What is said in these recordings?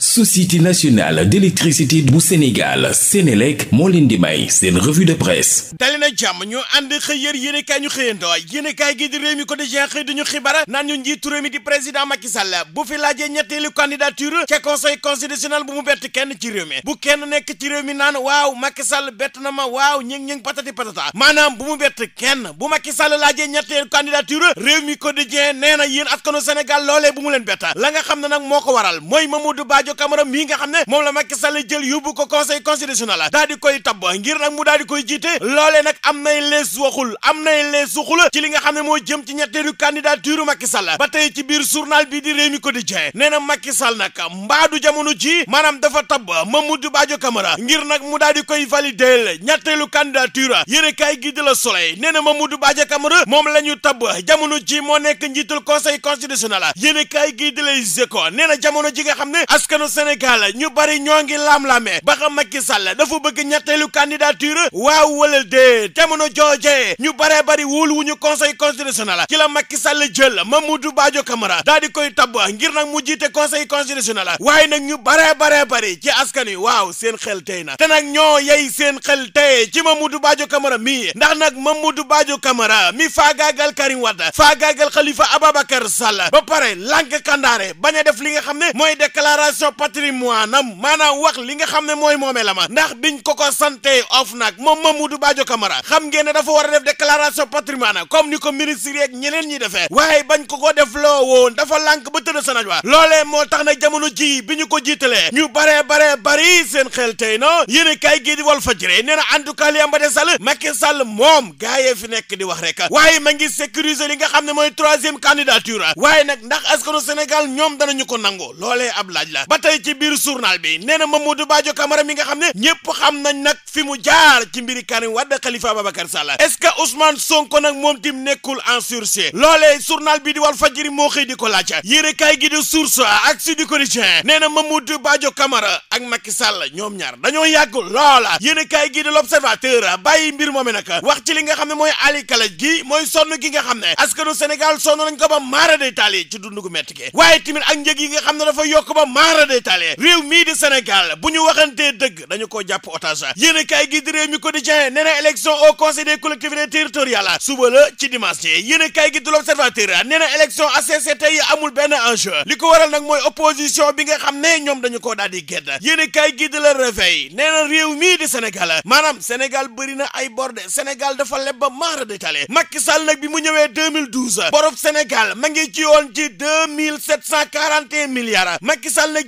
société nationale d'électricité bu Sénégal Sénélec moo leen di may seen revue de presse dali na jàmm ñu ànd xëy yër yéenekaay ñu xëyandoo yéenekaay gi di réew mi ko di xëy duñu xibaar naan ñu njiitu réew mi di président Macky Sall bu fi laajee ñetteelu candidature ca conseil constitutionnel bu mu bett kenn ci réew mi nekk ci réew mi naan waaw Macky Sall bett na ma waaw ñing ñing patati patata maanaam bu mu bett kenn bu Macky Sall laajee ñetteelu candidature réew mi ko di nee na yéen askanu Sénégal loolee bu mu leen bett la nga xam ne nag moo ko waral mooy Mamadou Badio Camara mii nga xam ne moom la Macky Sall jël yóbbu ko conseil constitutionnel daal di koy tabb ngir nag mu daal di koy jiite loolee nag am nay lees waxul am nay lees waxul ci li nga xam ne moo jëm ci ñetteelu candidature Macky Sall ba tey ci biir journal bi di Rewmi Quotidien nee na Macky Sall nag mbaadu jamono ji maanaam dafa tabb Mamadou Badio Camara ngir nag mu daal di koy valider ñetteelu candidature yéen kaay gi di la Soleil nee na Mamadou Badio Camara moom la ñu tabb jamono ji moo nekk njiitul conseil constitutionnel yéen kaay ji nga askanu Sénégal ñu bari ñoo ngi laam-laamee ba xam Macky Sall dafa bëgg ñetteelu candidature waaw wala dee jamono jooje ñu baree bari wóolu wu ñu conseil constitutionnel ci la Macky Sall jël Mamadou Badio Camara daal di koy tabb ngir nag mu jiite conseil constitutionnel waaye nag ñu baree baree bari ci askan wi waaw seen xel tey na te nag ñoo yey seen xel tey ci ma Mamadou baajo Camara mii ndax nag Mamadou Badio Camara mi faagaagal Karim Wade faagaagal Khalifa Ababacar Sall ba a gestion patrimoine am maanaam wax li nga xam ne mooy moome moomeelam ndax biñ ko ko santé nag moom Mamadou Badio Camara xam ngeen ne dafa war a def déclaration patrimoine comme ni ko ministre yeeg ñeneen ñi defee waaye bañ ko ko def loo woon dafa lànk ba tëdd sa naj wa loolee moo tax na jamono ji bi ñu ko jiitalee ñu baree baree bari seen xel tey na yéen kay gii wal Walf Fadjri nee na en tout cas li am ba de Sall Macky Sall moom gaayee fi nekk di wax rek waaye ma ngi sécuriser li nga xam ne mooy troisième candidature waaye nag ndax askanu Sénégal ñoom danañu ko nangu loolee ab laaj ba tey ci biir journal bi nee na Mamadou Badio Camara mi nga xam ne ñëpp xam nañ nag fi mu jaar ci mbiri Karim Wade Khalifa Ababacar Sall est-ce que Ousmane Sonko nag moom tim nekkul en sursis loolee journal bi di Walf Fadjri moo xëy di ko laaj yéene kaay gi di source ak Sud Quotidien nee na Mamadou Badio Camara ak Macky Sall ñoom ñaar dañoo yàgg loola yéene kaay gi di l'Observateur bàyyi mbir moome nag wax ci li nga xam ne mooy Ali Kalaj gi mooy sonn gi nga xam ne askanu Sénégal sonn nañ ko ba maara day taal ci dund gu ak njëg yi nga xam ne dafa yokk ba dara day taale mii di Sénégal bu ñu waxantee dëgg dañu ko jàpp otage yéen kaay gi di réew mi quotidien nee na élection au conseil des ci dimanche yéen kaay gi di l'observateur nee na élection yi amul benn enjeu li ko waral nag mooy opposition bi nga xam ne ñoom dañu koo daal di gedd yéen kaay gi di la na mii di Sénégal maanaam Sénégal bëri na ay borde Sénégal dafa leb ba maara day taale Macky Sall nag bi mu ñëwee 2012 borof Sénégal ma ngi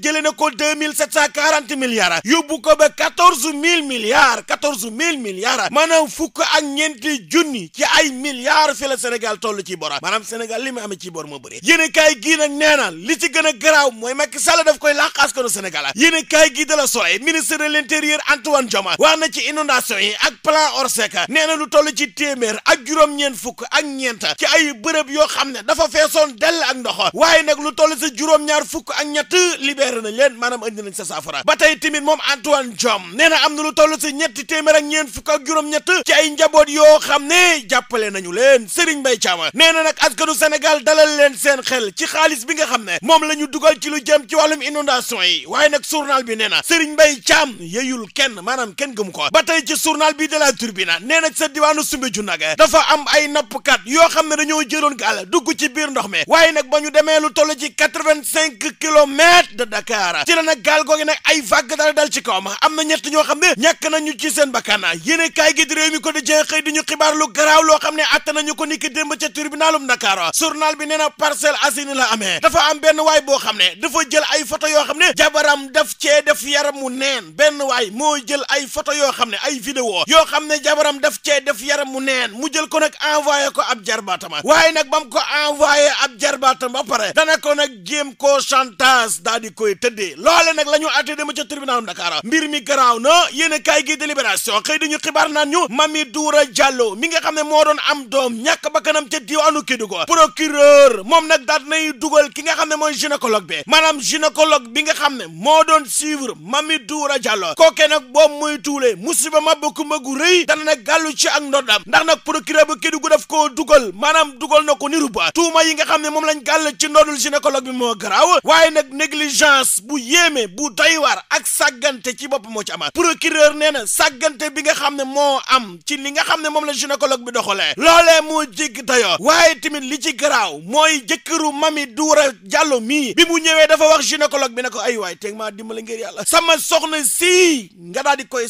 jëlee na ko deux mille sept cent quarante milliards yóbbu ko ba quatorze mille milliards quatorze mille milliards maanaam fukk ak ñeenti junni ci ay milliards fi la Sénégal toll ci bor maanaam Sénégal li mu amee ci bor moo bëri yéen kaay gii nag nee na li ci gën a garaaw mooy Macky Sall daf koy làq askanu Sénégal yéen kaay gii de la Soleil ministre de l'intérieur Antoine Diome wax na ci inondation yi ak plan Orsec nee na lu toll ci téeméer ak juróom-ñeent fukk ak ñeent ci ay bërëb yoo xam ne dafa feesoon dell ak ndox waaye nag lu toll ci ñaar fukk ak ñett libéré libéré nañ leen maanaam andi nañ sa saafara ba tey tamit moom Antoine Diome nee na am na lu toll si ñetti téeméer ak ñeent fukk ak juróom-ñett ci ay njaboot yoo xam ne jàppale nañu leen Serigne Mbaye Thiam nee na nag askanu Sénégal dalal leen seen xel ci xaalis bi nga xam ne moom la ñu dugal ci lu jëm ci wàllum inondation yi waaye nag journal bi nee na Serigne Mbaye Thiam yeyul kenn maanaam kenn gëmu ko ba tey ci journal bi de bi Tribune nee na sa diwaanu Soumbédioune nag dafa am ay nappkat yoo xam ne dañoo jëloon gaal dugg ci biir ndox mi waaye nag ba ñu demee lu toll ci quatre-vingt-cinq kilomètres de Dakar ci la nag gaal googu nag ay vague daal dal ci kawam am na ñett ñoo xam ne ñàkk nañu ci seen bakkan yéene kaay gi di réew mi ko di jeex xëy di ñu xibaar lu garaaw loo xam ne atta nañu ko niki démb ca tribunalum Dakar journal bi nee na Parcelles Assainies la amee dafa am benn waay boo xam ne dafa jël ay photo yoo xam ne jabaram daf cee def yaram mu neen benn waay moo jël ay photo yoo xam ne ay vidéo yoo xam ne jabaram daf cee def yaram mu neen mu jël ko nag envoyé ko ab jarbaatama waaye nag bam ko envoyé ab jarbaatama ba pare dana ko nag jéem koo chantage daal di ko koy tëddee loole nag lañu ñu atte ca tribunalum Dakar mbir mi garaaw na yéen a kaay gi délibération xëy dañu xibaar naan ñu Mami Doura Diallo mi nga xam ne moo doon am doom ñàkk bakkanam ca diwaanu Kédougou procureur moom nag daat nay dugal ki nga xam ne mooy gynécologue be maanaam gynécologue bi nga xam ne moo doon suivre Mami Doura Diallo kookee nag boobu muy tuulee musiba ma bëkkuma gu rëy dana nag gàllu ci ak ndodam ndax nag procureur bu gu def ko dugal maanaam dugal na ko niru ba tuuma yi nga xam ne moom lañ gàll ci ndodul gynécologue bi moo garaaw waaye nag négligent violence bu yéeme bu doywaar ak sàggante ci bopp moo ci amaat procureur nee na sàggante bi nga xam ne moo am ci li nga xam ne moom la gynécologue bi doxalee loolee moo jégg dayoo waaye tamit li ci garaaw mooy jëkkëru mami Dura Diallo mii bi mu ñëwee dafa wax gynécologue bi ne ko ay waay teg maa dimbali ngir yàlla sama soxna sii nga daal di koy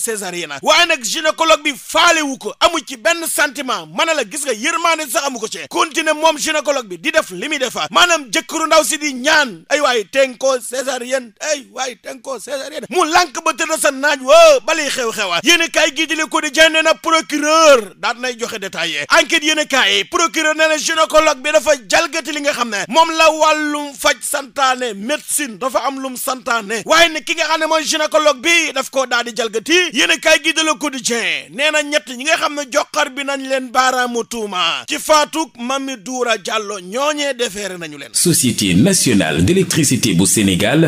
na waaye nag gynécologue bi faalewu ko amu ci benn sentiment ma na la gis nga yërmaande sax amu ko ci continué moom gynécologue bi di def li muy defa maanaam jëkkëru ndaw si di césarienne ay waaye teng ko césarienne mu lànk ba tëdd sa naaj wa balay xew-xewa yéen a kaay gii di Le Quotidien nee na procureur daat nay joxe détaillé enquête yéen a kaay procureur nee na gynécologue bi dafa jalgati li nga xam ne moom la wàllum faj santaane médecine dafa am lum santaane waaye ne ki nga xam ne mooy gynécologue bi daf koo daal di jalgati yéen a kaay gii di Le Quotidien nee na ñett ñi nga xam ne joxar bi nañ leen baaraamu tuuma ci faatuk Mami Doura Diallo ñooñee defeere nañu leen société nationale d'électricité bu Sénégal